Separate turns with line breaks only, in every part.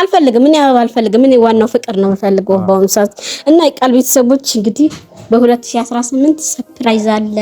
አልፈልግም። እኔ አበባ አልፈልግም። እኔ ዋናው ፍቅር ነው የምፈልገው በአሁኑ ሰዓት እና የቃል ቤተሰቦች እንግዲህ በ2018 ሰፕራይዝ አለ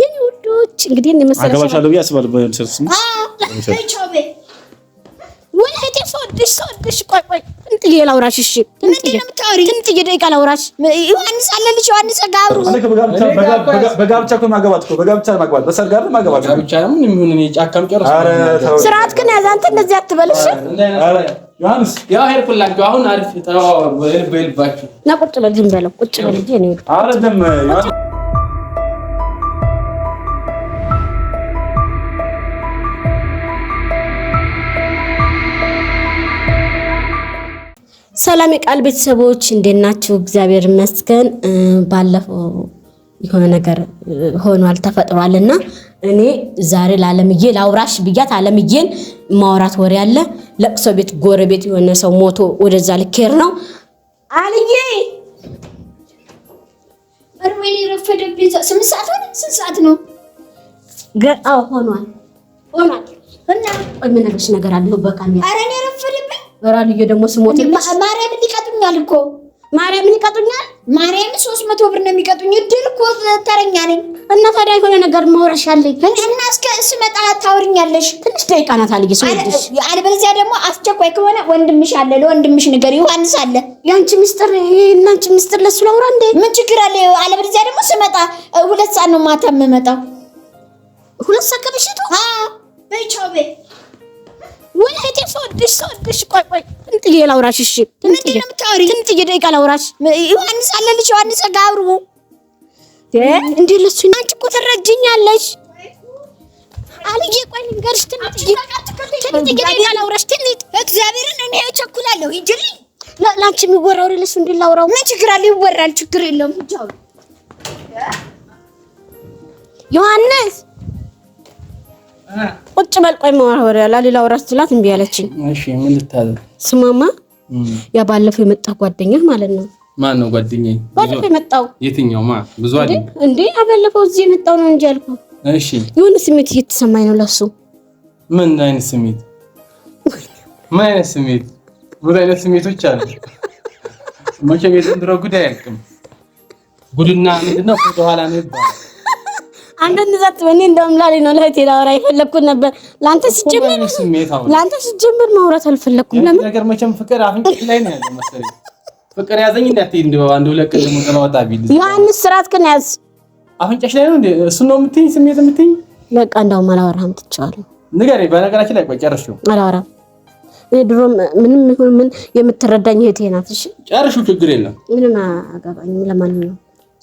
የኔ ውዶች። እንግዲህ ወይ ሰወድሽ ሰወድሽ ቆይ ቆይ እንጥዬ ላውራሽ። እሺ እንጥዬ ደቂቃ ላውራሽ። ዮሐንስ አለ ዮሐንስ ጋር በጋብቻ እኮ ማገባት እኮ በጋብቻ ማገባት በሰርግ አይደል ማገባት ብቻ ምን ምን እኔ ጫካም ጨርስ ስርዓት ግን ያዝ አንተ እንደዚህ አትበልሽ። ዮሐንስ ያው ሄድኩላችሁ። አሁን አሪፍ ተዋ በልባችሁ ና ቁጭ በል ዝም በለው ቁጭ በል ልጅ እኔ አይደለም ሰላም የቃል ቤተሰቦች እንዴት ናችሁ? እግዚአብሔር ይመስገን። ባለፈው የሆነ ነገር ሆኗል ተፈጥሯል እና እኔ ዛሬ ለአለምዬ ለአውራሽ ብያት አለምዬን ማውራት ወሬ አለ። ለቅሶ ቤት ጎረቤት የሆነ ሰው ሞቶ ወደዛ ልኬር ነው አልዬ በርሜል የረፈደ ስምንት ሰዓት ሆነ። ስንት ሰዓት ነው? ሆኗል ሆኗል እና ቆይ የምነግርሽ ነገር አለሁ በካሜራ ረን የረፈደብኝ ራልዬ ደግሞ ስሞት ማርያምን ይቀጡኛል እኮ ማርያምን ይቀጡኛል። ማርያምን ሶስት መቶ ብር ነው የሚቀጡኝ። እድል እኮ ተረኛ ነኝ እና ታዲያ የሆነ ነገር መውረሻለኝ እና እስከ ስመጣ ታውርኛለሽ። ትንሽ ደቂቃ ናት አልዬ ሰውልሽ። አለበለዚያ ደግሞ አስቸኳይ ከሆነ ወንድምሽ አለ፣ ለወንድምሽ ነገር ዮሐንስ አለ። የአንቺ ምስጢር እናንቺ ምስጢር ለሱ ላውራ እንዴ? ምን ችግር አለ? አለበለዚያ ደግሞ ስመጣ ሁለት ሰዓት ነው ማታ የምመጣው። ሁለት ሰዓት ከምሽቱ በይቻው በይ ወይ ሰወድሽ ሰወድሽ። ቆይ ቆይ ላውራሽ። እሺ ምንድን ነው የምታወሪው? ትንጥዬ ደቂቃ ላውራሽ። ዮሐንስ አለ ዮሐንስ እንዴ ለሱ አንቺ እኮ ትረጅኛለሽ። አልዬ ቆይ ልንገርሽ፣ እግዚአብሔርን እኔ ለአንቺ የሚወራው ለሱ እንዴ ላውራው። ምን ችግር ይወራል፣ ችግር የለውም። ዮሐንስ ቁጭ በል ቆይ ማወራ ሌላ ወራስ ትላት እምቢ አለችኝ። እሺ ምን ልታደርግ ስማማ ያ ባለፈው የመጣ ጓደኛ ማለት ነው። ማን ነው ጓደኛዬ? ባለፈው የመጣው የትኛው? ማ ብዙ አይደል እንዴ? አባለፈው እዚህ የመጣው ነው እንጂ አልኩ። እሺ የሆነ ስሜት እየተሰማኝ ነው ለሱ። ምን አይነት ስሜት? ምን አይነት ስሜት? ብዙ አይነት ስሜቶች አሉ። መቼም የዘንድሮ ጉድ አያልቅም። ጉድና ምንድነው ወደኋላ ነው ይባላል አንተ እንደዛ ትበኔ እንደውም ላሌ ነው ለእህቴ ላወራ የፈለግኩት ነበር። ለአንተ ሲጀምር ለአንተ ሲጀምር ማውራት አልፈለግኩም። ለምን ነገር መቼም ፍቅር አፍንጭ ላይ ነው ያለው መሰለኝ። ፍቅር ያዘኝ እንዳትሄድ እንደው አንድ ሁለት ቀን ደግሞ ተናወጣ ቢል ዮሐንስ ስራትክን ያዝ አፍንጫሽ ላይ ነው እንዴ? እሱ ነው የምትይኝ ስሜት የምትይኝ በቃ እንደውም አላወራህም ትችዋለሁ። ንገረኝ። በነገራችን ላይ ቆይ ጨርሽው። አላወራም እኔ ድሮ ምንም ይሁን ምን የምትረዳኝ እህቴ ናት። እሺ ጨርሽው፣ ችግር የለም ምንም አጋባኝ ለማንኛውም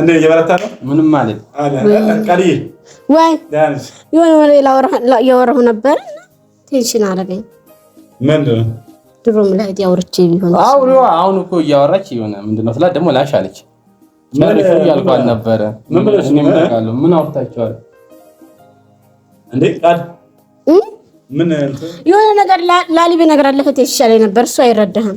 እንዴ እየበረታ ነው። ምንም ማለት ቀሪ ወይ የሆነ ያወራሁ ነበር ቴንሽን አደረገኝ። ምንድን ድሮም ላይ ያወርቼ ቢሆን አሁን እኮ እያወራች የሆነ ምንድን ስላት ደግሞ ላሽ አለች። ያልኳት ነበረ ምን አውርታችኋል እንዴ ቃል ምን የሆነ ነገር ላሊቤ ነገር አለፈት የተሻለ ነበር እሱ አይረዳህም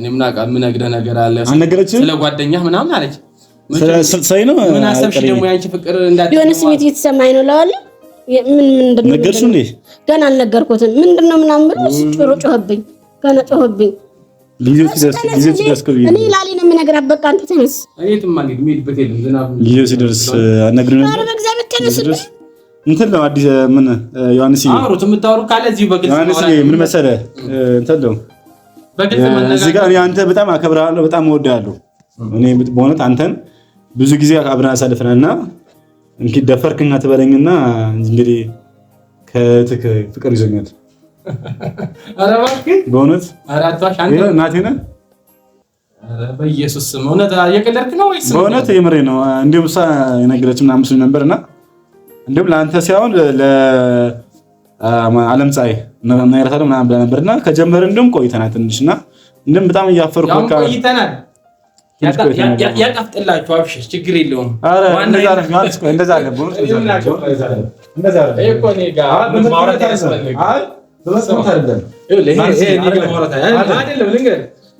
እኔ ምን አውቃ የምነግርህ ነገር አለ ስለ ጓደኛህ ምናምን አለች። ምን አሰብሽ ደግሞ ያንቺ ፍቅር እንዳትል የሆነ ስሜት እየተሰማኝ ነው ለዋለ ምን ምንድነው ነገርሽ እንዴ? ገና አልነገርኩትም። ምንድነው ምናምን ብሎ ጭሮ ጮህብኝ፣ ገና ጮህብኝ። እኔ ተነስ። እኔ ተነስ። ምን ዮሐንስ ዮሐንስ ምን መሰለህ እንትን ነው እዚህ ጋር አንተ በጣም አከብርሃለሁ፣ በጣም እወድሃለሁ። እኔ በእውነት አንተን ብዙ ጊዜ አብረን አሳልፈናልና እንኪ ደፈርክና ትበለኝና እንግዲህ ከእህትህ ፍቅር ይዞኛል። በእውነት ናቴነ በኢየሱስ ስም እውነት እየቀለድክ ነው ወይስ በእውነት የምሬ ነው? እንዲሁም እሷ የነገረች ምናምን ስል ነበር እና እንዲሁም ለአንተ ሳይሆን ለዓለም ፀሐይ እናገራታለን ምናምን ብላ ነበር እና ከጀመርን እንደውም ቆይተናል ትንሽ እና እንደውም በጣም እያፈርኩ ቆይተናል። አብሽር፣ ችግር የለውም።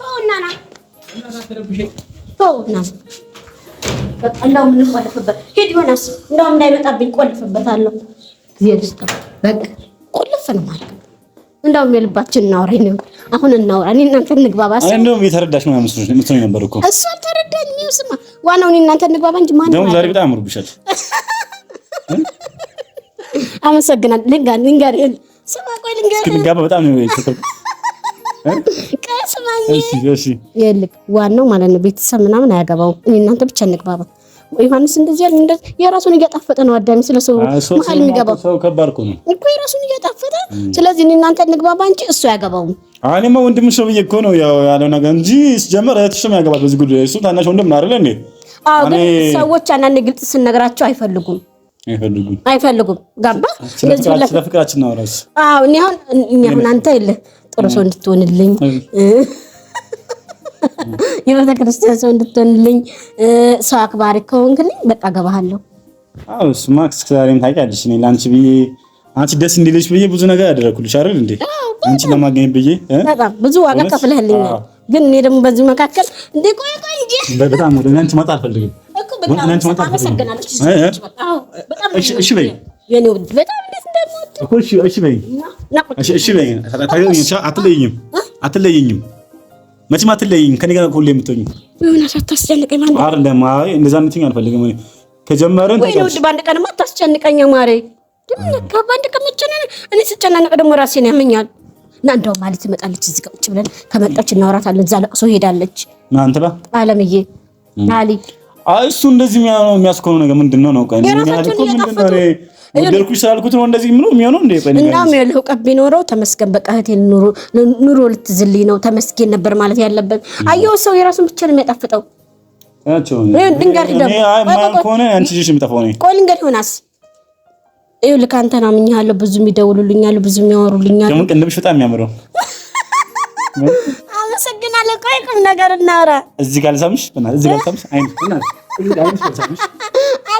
ተውና ተውና እንደው የምንቆልፍበት ሂድ የልባችን እናውራ ነው። አሁን እናውራ። እኔ እናንተ እንግባባ። እንደውም የተረዳሽ ነው ያምስሩሽ ነበር እኮ እሱ አልተረዳኝ። ስማ ዋናው እኔ እናንተ እንግባባ እንጂ ማን ደግሞ ዛሬ በጣም አምሮብሻል። አመሰግናለሁ። ልንጋ ልንጋር ስማ ቆይ ልንጋር በጣም ነው ይልቅ ዋናው ማለት ነው ቤተሰብ ምናምን አያገባው። እናንተ ብቻ እንግባባ። ዮሐንስ እንደዚህ ያለ እንደ የራሱን እያጣፈጠ ነው አዳሚ ስለ ሰው መሀል የሚገባው ሰው ከባድ እኮ ነው እኮ የራሱን እያጣፈጠ ስለዚህ እናንተ እንግባባ እንጂ እሱ አያገባውም። እኔማ ወንድም ሰው ብዬሽ እኮ ነው ያው ያለው ነገር እንጂ ሲጀመር እህትሽ ነው ያገባት በዚህ ጉዳይ እሱ ታናሽ ወንድም ነው እንዴ? አዎ ግን ሰዎች አንዳንድ ግልጽ ስንነግራቸው አይፈልጉም አይፈልጉም አይፈልጉም። ገባ ስለዚህ ስለፍቅራችን ነው ራስ አዎ እኔ አሁን እኛ አንተ የለ ጥሩ ሰው እንድትሆንልኝ የቤተ ክርስቲያን ሰው እንድትሆንልኝ ሰው አክባሪ ከሆንክልኝ በቃ ገባሃለሁ። አዎ እሱማ ዛሬም ታውቂያለሽ፣ እኔ ለአንቺ ብዬ አንቺ ደስ እንዲልሽ ብዬ ብዙ ነገር ያደረኩልሽ አይደል እንዴ? አንቺ ለማግኘት ብዬ በጣም ብዙ ዋጋ ከፍለህልኛል። ግን እኔ ደግሞ በዚህ መካከል እንዴ ቆይ ቆይ እንጂ በጣም ወደ አንቺ መጣ አልፈልግም። እኮ በጣም አመሰግናለሁ። እሺ በጣም እኮ እሺ፣ እሺ በይኝ። እሺ፣ እሺ በይኝ። አትለይኝም፣ አትለይኝም፣ መቼም አትለይኝም። ከኔ ጋር ሁሌ የምትሆኝ አይደለም። አይ እንደዛ የምትሆኝ አልፈልግም። ከጀመረን በአንድ ቀን አታስጨንቀኝ ማሬ። በአንድ ቀን መጨናነቅ፣ እኔ ስጨናነቅ ደግሞ ራሴን ያመኛል። እና እንደው ማለት ትመጣለች እዚህ ቁጭ ብለን ከመጣች እናወራታለን። እዛ ለቅሶ ሄዳለች እናንተ አለምዬ አሊ እሱ እንደዚህ የሚያስኮኑ ነገር ምንድን ነው ነው ወደድኩሽ ስላልኩት ነው እንደዚህ ምኑ የሚሆነው እንደ ይፈን እና ልህቀት ቢኖረው ተመስገን በቃ እህቴ ኑሮ ልትዝልኝ ነው ተመስገን ነበር ማለት ያለበት። አየሁ ሰው የራሱን ብቻ ነው የሚያጣፍጠው። ድንገት ደግሞ ቆይ ልንገር ይሆናስ ይኸውልህ ከአንተ ነው አምኜሃለሁ። ብዙ የሚደውሉልኛል፣ ብዙ የሚያወሩልኛል። ደግሞ ቅንድብሽ በጣም የሚያምረው። አመሰግናለሁ። ቆይ ቁም ነገር እናውራ። እዚህ ጋር ልሳምሽ፣ እዚህ ጋር ልሳምሽ። አይ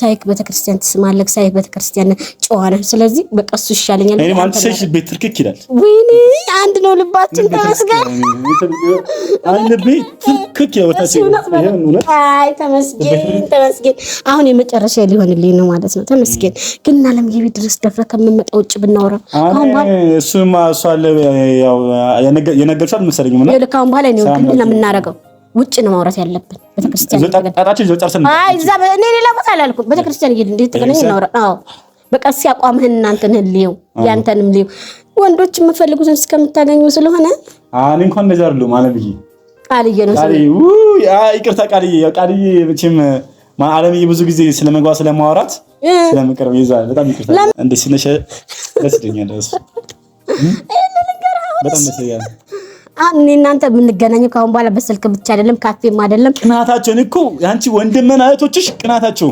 ሳይክ ቤተክርስቲያን ትስማለህ፣ ሳይክ ቤተክርስቲያን ጨዋ ነህ። ስለዚህ በቃ እሱ ይሻለኛል። ቤት ትርክክ ይላል። ወይኔ አንድ ነው ልባችን። ተመስገን ተመስገን ተመስገን። አሁን የመጨረሻ ሊሆንልኝ ነው ማለት ነው። ተመስገን ግን እና ለምን ድረስ ደፍረህ ከምመጣ ውጭ ብናወራ እሱማ እሷ አለ የነገርሽው በኋላ ነው ግን ለምናደርገው ውጭ ነው ማውራት ያለብን። ቤተክርስቲያን ሌላ ቦታ አላልኩም። ቤተክርስቲያን እናውራ። በቃ እስኪ አቋምህን ልየው ያንተንም ልየው። ወንዶች የምፈልጉትን እስከምታገኙ ስለሆነ እኔ እንኳን እንደዚያ አይደለሁም። አለምዬ ቃልዬ ነው ይቅርታ፣ ቃልዬ ቃልዬ መቼም አለምዬ ብዙ ጊዜ ስለማውራት በጣም ይቅርታ። እንደ ሲነሸ ደስ ይለኛል። በጣም ደስ ይለኛል። እኔ እናንተ የምንገናኘው ከአሁን በኋላ በስልክ ብቻ አይደለም፣ ካፌም አይደለም። ቅናታቸውን እኮ አንቺ ወንድምህን እህቶችሽ ቅናታቸው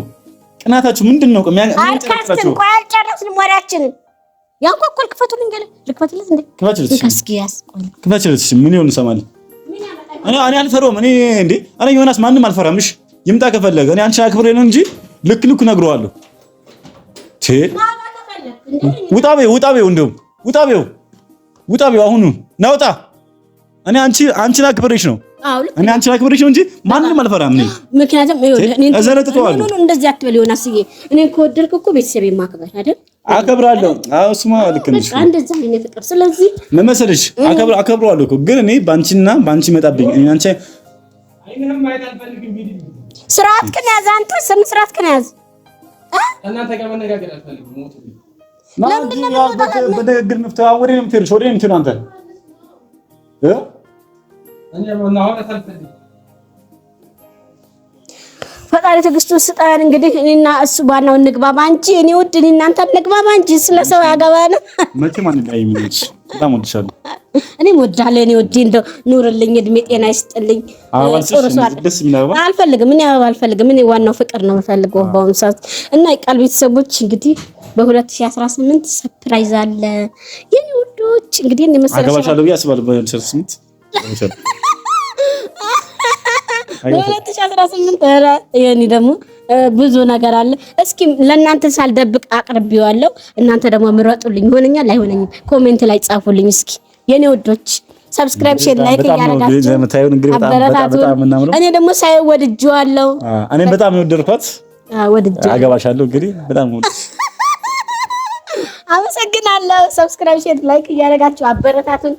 ቅናታቸው ምንድን ነው? አልካስትም። ቆይ አልጨረስንም ወሬያችንን። ያን ኮኮል ክፈቱልኝ፣ ልክፈትልት እንዴ? ክፈችልት ምን ይሆን እንሰማለን። እኔ አልፈረውም። እኔ እንዴ እኔ ዮናስ ማንም አልፈራም። እሺ ይምጣ ከፈለገ እኔ አንቺን አክብሬ ነው እንጂ ልክ ልክ እነግረዋለሁ። ውጣ በይው፣ ውጣ በይው፣ እንደውም ውጣ በይው፣ ውጣ በይው። አሁኑ ናውጣ እኔ አንቺ አንቺን አክብሬሽ ነው እኔ አንቺን አክብሬሽ ነው እንጂ ማንንም አልፈራም። እኔ ምክንያቱም እዘረጥተዋለሁ። እንደዚህ አትበል ዮናስ። እኔ ከወደድክ እኮ ቤተሰቤን ማክበር አይደል? አከብራለሁ። አዎ እሱማ ልክ ነሽ። እንደዛ ነው ፍቅር። ስለዚህ መመሰልሽ አከብረዋለሁ እኮ ግን እኔ ባንቺና ባንቺ መጣብኝ እኔ አንቺ ስርዓት ቅን ያዝ አንተ ስም ስርዓት ቅን ያዝ። እናንተ ጋር መነጋገር አልፈልግም። ለምንድን ነው በንግግር መፍትሄ ወደ እኔ የምትሄድ አንተ ፈጣሪ ትዕግስቱን ስጠን። እንግዲህ እኔና እሱ ባናው እንግባባ እንጂ እኔ ውድ እኔ እናንተ እንግባባ እንጂ ስለ ሰው ያገባን መቼም አንለያይም። በጣም ወድሻለሁ። እኔም ወዳለሁ። እኔ ውድ እንደው ኑርልኝ፣ እድሜ ጤና ይስጥልኝ። አልፈልግም፣ እኔ አበባ አልፈልግም። እኔ ዋናው ፍቅር ነው የምፈልገው በአሁኑ ሰዓት እና የቃል ቤተሰቦች እንግዲህ በ2018 ሰርፕራይዝ አለ ውዶች እንግዲህ እንደመሰለ አገባሻለሁ ብዬ አስባለሁ በ2018 ስምንት 2018 ይሄኔ ደግሞ ብዙ ነገር አለ። እስኪ ለእናንተ ሳልደብቅ አቅርቤዋለሁ። እናንተ ደግሞ ምረጡልኝ፣ ይሆነኛል አይሆነኝም፣ ኮሜንት ላይ ጻፉልኝ። እስኪ የኔ ውዶች ሰብስክራይብ፣ ሼር፣ ላይክ እያደረጋችሁ አበረታቱን። እኔ ደግሞ ሳይወድጄዋለሁ። እኔም በጣም ነው ወደድኳት፣ አገባሻለሁ እንግዲህ በጣም አመሰግናለሁ። ሰብስክራይብ፣ ሼር፣ ላይክ እያደረጋችሁ አበረታቱን።